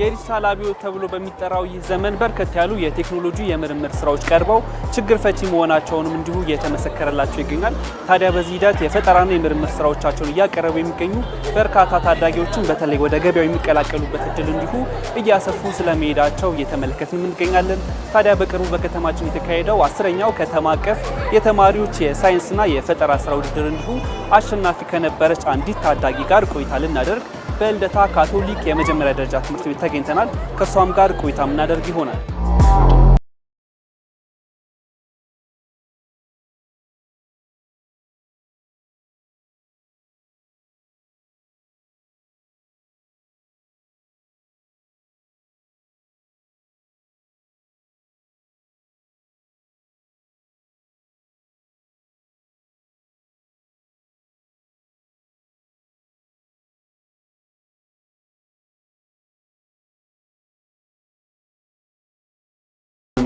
የዲጂታል አብዮት ተብሎ በሚጠራው ይህ ዘመን በርከት ያሉ የቴክኖሎጂ የምርምር ስራዎች ቀርበው ችግር ፈቺ መሆናቸውንም እንዲሁ እየተመሰከረላቸው ይገኛል። ታዲያ በዚህ ሂደት የፈጠራና የምርምር ስራዎቻቸውን እያቀረቡ የሚገኙ በርካታ ታዳጊዎችን በተለይ ወደ ገበያው የሚቀላቀሉበት እድል እንዲሁ እያሰፉ ስለመሄዳቸው እየተመለከትን እንገኛለን። ታዲያ በቅርቡ በከተማችን የተካሄደው አስረኛው ከተማ አቀፍ የተማሪዎች የሳይንስና የፈጠራ ስራ ውድድር እንዲሁ አሸናፊ ከነበረች አንዲት ታዳጊ ጋር ቆይታ ልናደርግ በልደታ ካቶሊክ የመጀመሪያ ደረጃ ትምህርት ቤት ተገኝተናል። ከእሷም ጋር ቆይታ የምናደርግ ይሆናል።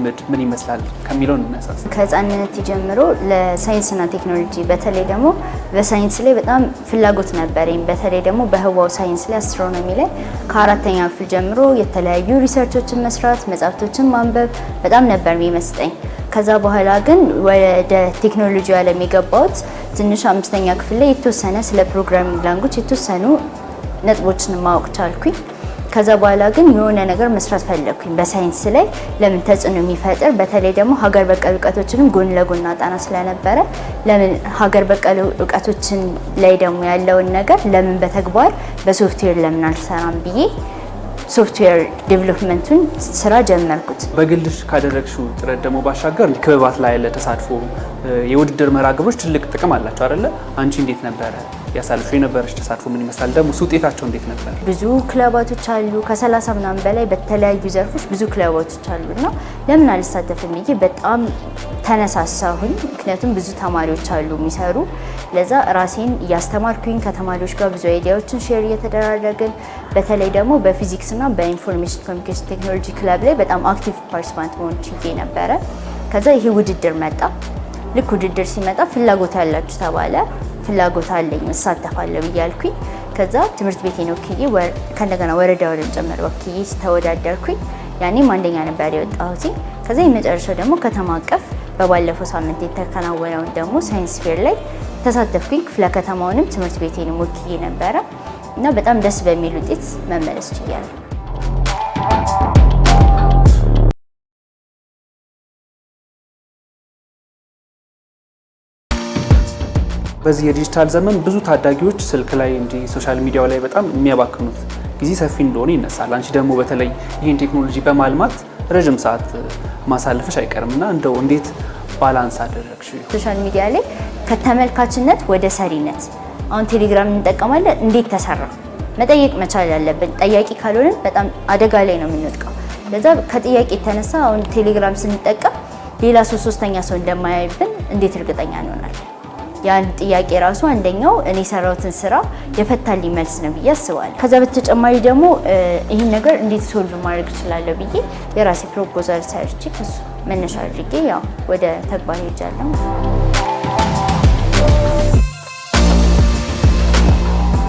ልምምድ ምን ይመስላል ከሚለውን እናሳስ ከህፃንነት ጀምሮ ለሳይንስና ቴክኖሎጂ በተለይ ደግሞ በሳይንስ ላይ በጣም ፍላጎት ነበረኝ። በተለይ ደግሞ በህዋው ሳይንስ ላይ አስትሮኖሚ ላይ ከአራተኛ ክፍል ጀምሮ የተለያዩ ሪሰርቾችን መስራት፣ መጽሐፍቶችን ማንበብ በጣም ነበር የሚመስጠኝ። ከዛ በኋላ ግን ወደ ቴክኖሎጂ ዓለም የገባሁት ትንሽ አምስተኛ ክፍል ላይ የተወሰነ ስለ ፕሮግራሚንግ ላንጉጅ የተወሰኑ ነጥቦችን ማወቅ ቻልኩኝ። ከዛ በኋላ ግን የሆነ ነገር መስራት ፈለግኩኝ በሳይንስ ላይ ለምን ተጽዕኖ የሚፈጥር በተለይ ደግሞ ሀገር በቀል እውቀቶችንም ጎን ለጎን አጣና ስለነበረ ለምን ሀገር በቀል እውቀቶችን ላይ ደግሞ ያለውን ነገር ለምን በተግባር በሶፍትዌር ለምን አልሰራም ብዬ ሶፍትዌር ዴቨሎፕመንቱን ስራ ጀመርኩት። በግልሽ ካደረግሽው ጥረት ደግሞ ባሻገር ክበባት ላይ ያለ ተሳትፎ፣ የውድድር መርሃ ግብሮች ትልቅ ጥቅም አላቸው አይደለ? አንቺ እንዴት ነበረ ያሳልፉ የነበረች ተሳትፎ ምን ይመስላል? ደግሞ እሱ ውጤታቸው እንዴት ነበር? ብዙ ክለባቶች አሉ ከሰላሳ ምናምን በላይ በተለያዩ ዘርፎች ብዙ ክለባቶች አሉ እና ለምን አልሳተፍም ብዬ በጣም ተነሳሳሁኝ። ምክንያቱም ብዙ ተማሪዎች አሉ የሚሰሩ ለዛ ራሴን እያስተማርኩኝ ከተማሪዎች ጋር ብዙ አይዲያዎችን ሼር እየተደራረግን በተለይ ደግሞ በፊዚክስ እና በኢንፎርሜሽን ኮሚኒኬሽን ቴክኖሎጂ ክለብ ላይ በጣም አክቲቭ ፓርቲስፓንት መሆን ችዬ ነበረ። ከዛ ይሄ ውድድር መጣ። ልክ ውድድር ሲመጣ ፍላጎት ያላችሁ ተባለ። ፍላጎት አለኝ እሳተፋለሁ እያልኩኝ ከዛ ትምህርት ቤቴን ወክዬ ከእንደገና ወረዳውንም ጭምር ወክዬ ተወዳደርኩኝ። ያኔም አንደኛ ነበር የወጣሁት። ከዛ የመጨረሻው ደግሞ ከተማ አቀፍ በባለፈው ሳምንት የተከናወነውን ደግሞ ሳይንስ ፌር ላይ ተሳተፍኩኝ። ክፍለ ከተማውንም ትምህርት ቤቴንም ወክዬ ነበረ እና በጣም ደስ በሚል ውጤት መመለስ ችያለሁ። በዚህ የዲጂታል ዘመን ብዙ ታዳጊዎች ስልክ ላይ እንዲ ሶሻል ሚዲያው ላይ በጣም የሚያባክኑት ጊዜ ሰፊ እንደሆነ ይነሳል። አንቺ ደግሞ በተለይ ይህን ቴክኖሎጂ በማልማት ረዥም ሰዓት ማሳለፈሽ አይቀርም እና እንደው እንዴት ባላንስ አደረግሽ? ሶሻል ሚዲያ ላይ ከተመልካችነት ወደ ሰሪነት አሁን ቴሌግራም እንጠቀማለን። እንዴት ተሰራ መጠየቅ መቻል ያለብን፣ ጠያቂ ካልሆንን በጣም አደጋ ላይ ነው የምንወድቀው። ለዛ ከጥያቄ የተነሳ አሁን ቴሌግራም ስንጠቀም ሌላ ሶስተኛ ሰው እንደማያይብን እንዴት እርግጠኛ እንሆናለን? የአንድ ጥያቄ ራሱ አንደኛው እኔ የሰራሁትን ስራ የፈታልኝ መልስ ነው ብዬ አስባለሁ። ከዛ በተጨማሪ ደግሞ ይህን ነገር እንዴት ሶልቭ ማድረግ እችላለሁ ብዬ የራሴ ፕሮፖዛል ሰርቼ ከሱ መነሻ አድርጌ ያው ወደ ተግባር ሄጃለሁ።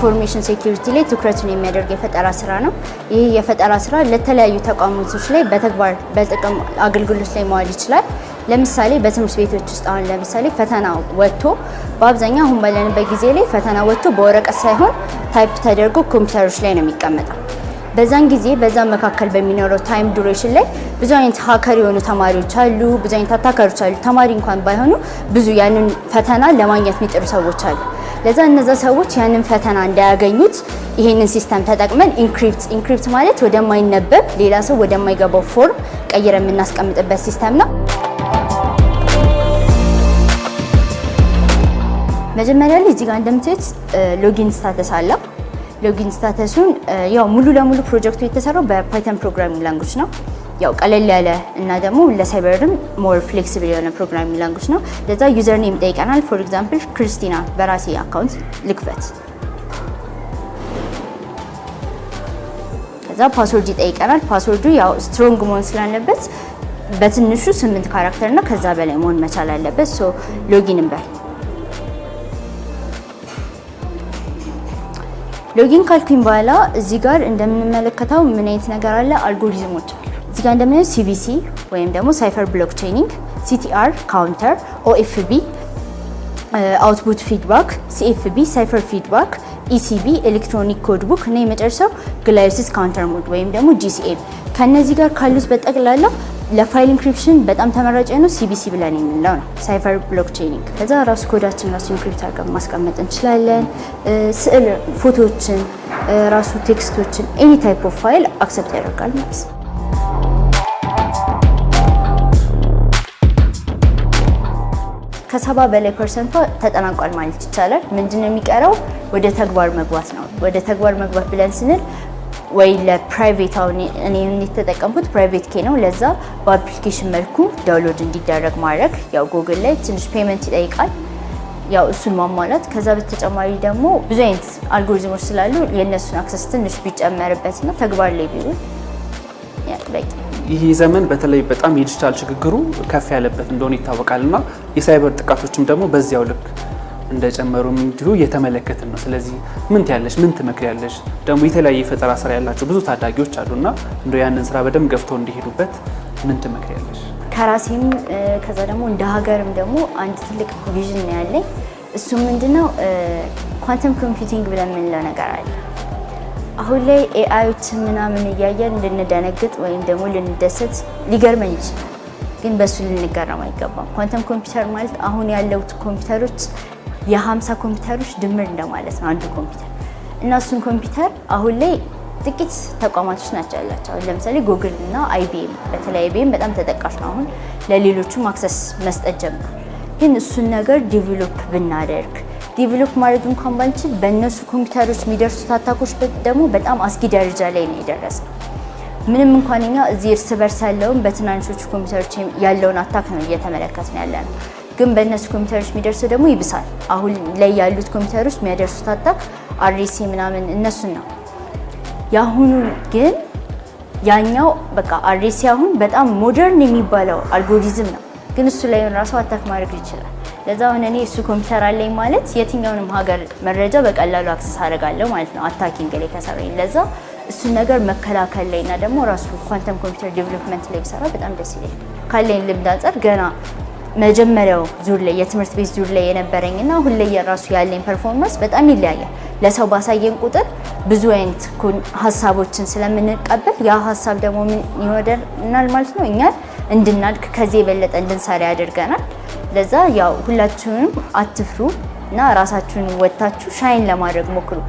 ኢንፎርሜሽን ሴኩሪቲ ላይ ትኩረቱን የሚያደርግ የፈጠራ ስራ ነው። ይህ የፈጠራ ስራ ለተለያዩ ተቋማቶች ላይ በተግባር በጥቅም አገልግሎት ላይ መዋል ይችላል። ለምሳሌ በትምህርት ቤቶች ውስጥ አሁን ለምሳሌ ፈተና ወጥቶ በአብዛኛው አሁን ባለንበት ጊዜ ላይ ፈተና ወጥቶ በወረቀት ሳይሆን ታይፕ ተደርጎ ኮምፒውተሮች ላይ ነው የሚቀመጠው። በዛን ጊዜ በዛ መካከል በሚኖረው ታይም ዱሬሽን ላይ ብዙ አይነት ሀከር የሆኑ ተማሪዎች አሉ፣ ብዙ አይነት አታካሪዎች አሉ። ተማሪ እንኳን ባይሆኑ ብዙ ያንን ፈተና ለማግኘት የሚጥሩ ሰዎች አሉ። ለዛ እነዛ ሰዎች ያንን ፈተና እንዳያገኙት ይሄንን ሲስተም ተጠቅመን ኢንክሪፕት ኢንክሪፕት ማለት ወደማይነበብ ሌላ ሰው ወደማይገባው ፎርም ቀይረ የምናስቀምጥበት ሲስተም ነው። መጀመሪያ ላይ እዚህ ጋር እንደምታዩት ሎጊን ስታተስ አለው። ሎጊን ስታተሱን ያው ሙሉ ለሙሉ ፕሮጀክቱ የተሰራው በፓይተን ፕሮግራሚንግ ላንጉጅ ነው። ያው ቀለል ያለ እና ደግሞ ለሳይበርም ሞር ፍሌክሲብል የሆነ ፕሮግራሚንግ ላንጉጅ ነው። ለዛ ዩዘር ኔም ጠይቀናል። ፎር ኤግዛምፕል ክርስቲና በራሴ አካውንት ልክፈት። ከዛ ፓስወርድ ይጠይቀናል። ፓስወርዱ ያው ስትሮንግ መሆን ስላለበት በትንሹ ስምንት ካራክተር እና ከዛ በላይ መሆን መቻል አለበት። ሶ ሎጊን እንበል ሎጊን ካልኩኝ በኋላ እዚህ ጋር እንደምንመለከተው ምን አይነት ነገር አለ? አልጎሪዝሞች አሉ። እዚህ ጋር እንደምናየው ሲቢሲ ወይም ደግሞ ሳይፈር ብሎክ ቼይኒንግ፣ ሲቲአር ካውንተር፣ ኦኤፍቢ አውትፑት ፊድባክ፣ ሲኤፍቢ ሳይፈር ፊድባክ፣ ኢሲቢ ኤሌክትሮኒክ ኮድ ቡክ እና የመጨረሻው ግላዮሲስ ካውንተር ሞድ ወይም ደግሞ ጂሲኤም ከእነዚህ ጋር ካሉት በጠቅላላ ለፋይል ኢንክሪፕሽን በጣም ተመራጭ ነው ሲቢሲ ብለን የምንለው ነው፣ ሳይፈር ብሎክቼኒንግ። ከዛ ራሱ ኮዳችን ራሱ ኢንክሪፕት አድርገን ማስቀመጥ እንችላለን። ስዕል፣ ፎቶዎችን፣ ራሱ ቴክስቶችን ኤኒ ታይፕ ኦፍ ፋይል አክሰፕት ያደርጋል ማለት ነው። ከሰባ በላይ ፐርሰንቷ ተጠናቋል ማለት ይቻላል። ምንድን ነው የሚቀረው? ወደ ተግባር መግባት ነው። ወደ ተግባር መግባት ብለን ስንል ወይ ለፕራይቬት አሁን እኔ የተጠቀምኩት ፕራይቬት ኬ ነው። ለዛ በአፕሊኬሽን መልኩ ዳውንሎድ እንዲደረግ ማድረግ ያው ጉግል ላይ ትንሽ ፔመንት ይጠይቃል። ያው እሱን ማሟላት። ከዛ በተጨማሪ ደግሞ ብዙ አይነት አልጎሪዝሞች ስላሉ የእነሱን አክሰስ ትንሽ ቢጨመርበት ተግባር ላይ ቢሆን ይህ ዘመን በተለይ በጣም የዲጂታል ሽግግሩ ከፍ ያለበት እንደሆነ ይታወቃል እና የሳይበር ጥቃቶችም ደግሞ በዚያው ልክ እንደጨመሩም እንዲሁ እየተመለከትን ነው። ስለዚህ ምን ትያለሽ? ምን ትመክሪያለሽ? ደግሞ የተለያየ የፈጠራ ስራ ያላቸው ብዙ ታዳጊዎች አሉና እንደ ያንን ስራ በደንብ ገፍተው እንዲሄዱበት ምን ትመክሪያለሽ? ከራሴም ከዛ ደግሞ እንደ ሀገርም ደግሞ አንድ ትልቅ ቪዥን ነው ያለኝ። እሱ ምንድነው ኳንተም ኮምፒውቲንግ ብለን የምንለው ነገር አለ። አሁን ላይ ኤአይዎች ምናምን እያየን ልንደነግጥ ወይም ደግሞ ልንደሰት ሊገርመን ይችላል፣ ግን በእሱ ልንገረም አይገባም። ኳንተም ኮምፒውተር ማለት አሁን ያለውት ኮምፒውተሮች የ50 ኮምፒውተሮች ድምር እንደማለት ነው አንዱ ኮምፒውተር እና እሱን ኮምፒውተር አሁን ላይ ጥቂት ተቋማቶች ናቸው ያላቸው። ለምሳሌ ጉግል እና አይቢኤም በተለይ አይቢኤም በጣም ተጠቃሽ ነው። አሁን ለሌሎቹም አክሰስ መስጠት ጀምሯል። ግን እሱን ነገር ዲቨሎፕ ብናደርግ ዲቨሎፕ ማድረግ እንኳን ባንችል በእነሱ ኮምፒውተሮች የሚደርሱት አታኮች ደግሞ በጣም አስጊ ደረጃ ላይ ነው የደረሰው። ምንም እንኳን እኛ እዚህ እርስ በርስ ያለውን በትናንሾቹ ኮምፒውተሮች ያለውን አታክ ነው ነው ያለ ነው። ግን በእነሱ ኮምፒውተሮች የሚደርሰው ደግሞ ይብሳል። አሁን ላይ ያሉት ኮምፒውተሮች የሚያደርሱት አታክ አሬሴ ምናምን እነሱን ነው። የአሁኑ ግን ያኛው በቃ አሬሴ አሁን በጣም ሞደርን የሚባለው አልጎሪዝም ነው፣ ግን እሱ ላይ ራሱ አታክ ማድረግ ይችላል። ለዛ ሆነ እኔ እሱ ኮምፒውተር አለኝ ማለት የትኛውንም ሀገር መረጃ በቀላሉ አክሰስ አደርጋለሁ ማለት ነው፣ አታኪንግ ላይ ከሰራኝ። ለዛ እሱን ነገር መከላከል ላይ እና ደግሞ ራሱ ኳንተም ኮምፒውተር ዴቨሎፕመንት ላይ ብሰራ በጣም ደስ ይለኛል። ካለኝ ልምድ አንጻር ገና መጀመሪያው ዙር ላይ የትምህርት ቤት ዙር ላይ የነበረኝና ሁሌ የራሱ ያለኝ ፐርፎርማንስ በጣም ይለያያል። ለሰው ባሳየን ቁጥር ብዙ አይነት ሀሳቦችን ስለምንቀበል ያ ሀሳብ ደግሞ ምን ይወደናል ማለት ነው እኛን እንድናድግ ከዚህ የበለጠ እንድንሰራ ያደርገናል። ለዛ ያው ሁላችሁንም አትፍሩ እና ራሳችሁን ወጥታችሁ ሻይን ለማድረግ ሞክሩ።